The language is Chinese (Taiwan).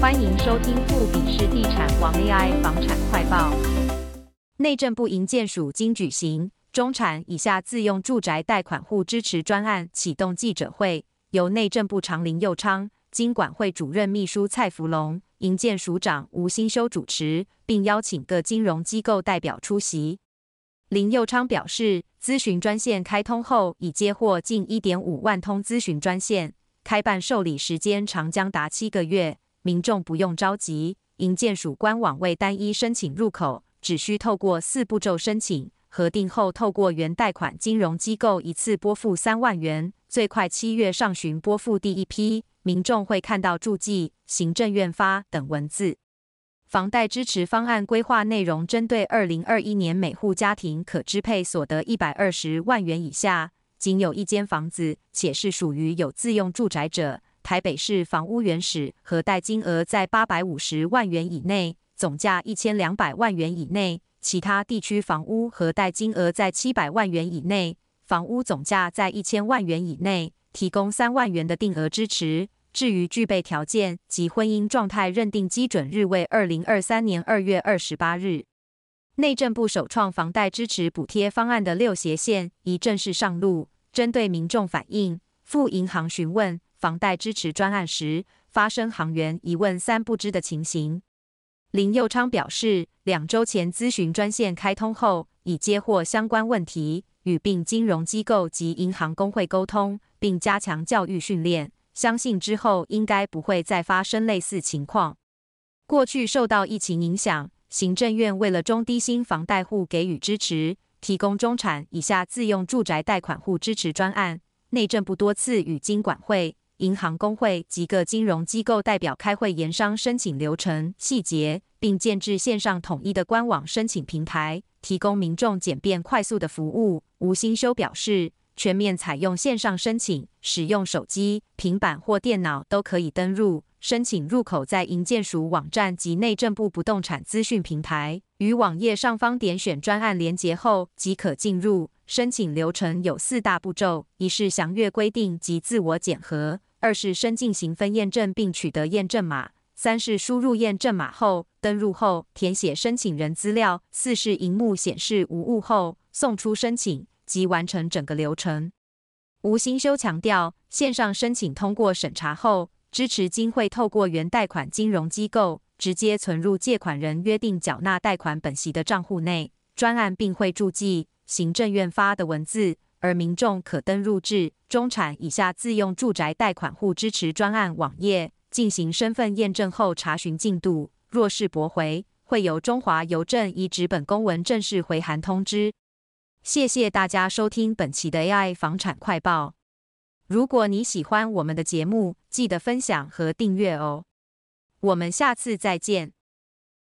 歡迎收聽富比士地產王 AI 房產快報。內政部營建署今舉行中產以下自用住宅貸款戶支持專案啟動記者會，由內政部長林佑昌、金管會主任秘書蔡福龍、營建署長吳新修主持，並邀請各金融機構代表出席。林佑昌表示，諮詢專線開通後已接獲近一點五萬通，諮詢專線開辦受理時間長，將達七個月。民眾不用着急，營建署官網為單一申請入口，只需透過四步驟申請，核定後透過原貸款金融機構一次撥付三萬元，最快七月上旬撥付第一批。民眾會看到注記、行政院發等文字。房貸支持方案規劃內容針對二零二一年每戶家庭可支配所得一百二十萬元以下，僅有一間房子，且是屬於有自用住宅者。台北市房屋原始核貸金額在八百五十萬元以內，總價一千兩百萬元以內；其他地區房屋核貸金額在七百萬元以內，房屋總價在一千萬元以內，提供三萬元的定額支持。至於具備條件及婚姻狀態認定基準日為二零二三年二月二十八日。內政部首創房貸支持補貼方案的六協線已正式上路。針對民眾反映，赴銀行詢問。房貸支持專案時發生行員一問三不知的情形，林右昌表示，兩周前諮詢專線開通後，已接獲相關問題，與並金融機構及銀行工會溝通，並加強教育訓練，相信之後應該不會再發生類似情況。過去受到疫情影響，行政院為了中低薪房貸戶給予支持，提供中產以下自用住宅貸款戶支持專案，內政部多次與金管會。銀行工會及各金融機構代表開會研商申請流程細節，並建置線上統一的官網申請平台，提供民眾簡便快速的服務。吳新修表示，全面採用線上申請，使用手機、平板或電腦都可以登入。申請入口在營建署網站及內政部不動產資訊平台，與網頁上方點選專案連結後即可進入。申請流程有四大步驟：一是詳閱規定及自我檢核；二是申請進行身分驗證並取得驗證碼；三是輸入驗證碼後登錄後填寫申請人資料；四是熒幕顯示無誤後送出申請及完成整個流程。吳欣修強調，線上申請通過審查後，支持金會透過原貸款金融機構直接存入借款人約定繳納貸款本息的賬戶內。專案並會注記。行政院發的文字，而民眾可登入至中產以下自用住宅貸款戶支持專案網頁進行身份驗證後查詢進度。若是駁回，會由中華郵政以紙本公文正式回函通知。謝謝大家收聽本期的 AI 房產快報。如果你喜歡我們的節目，記得分享和訂閱哦。我們下次再見。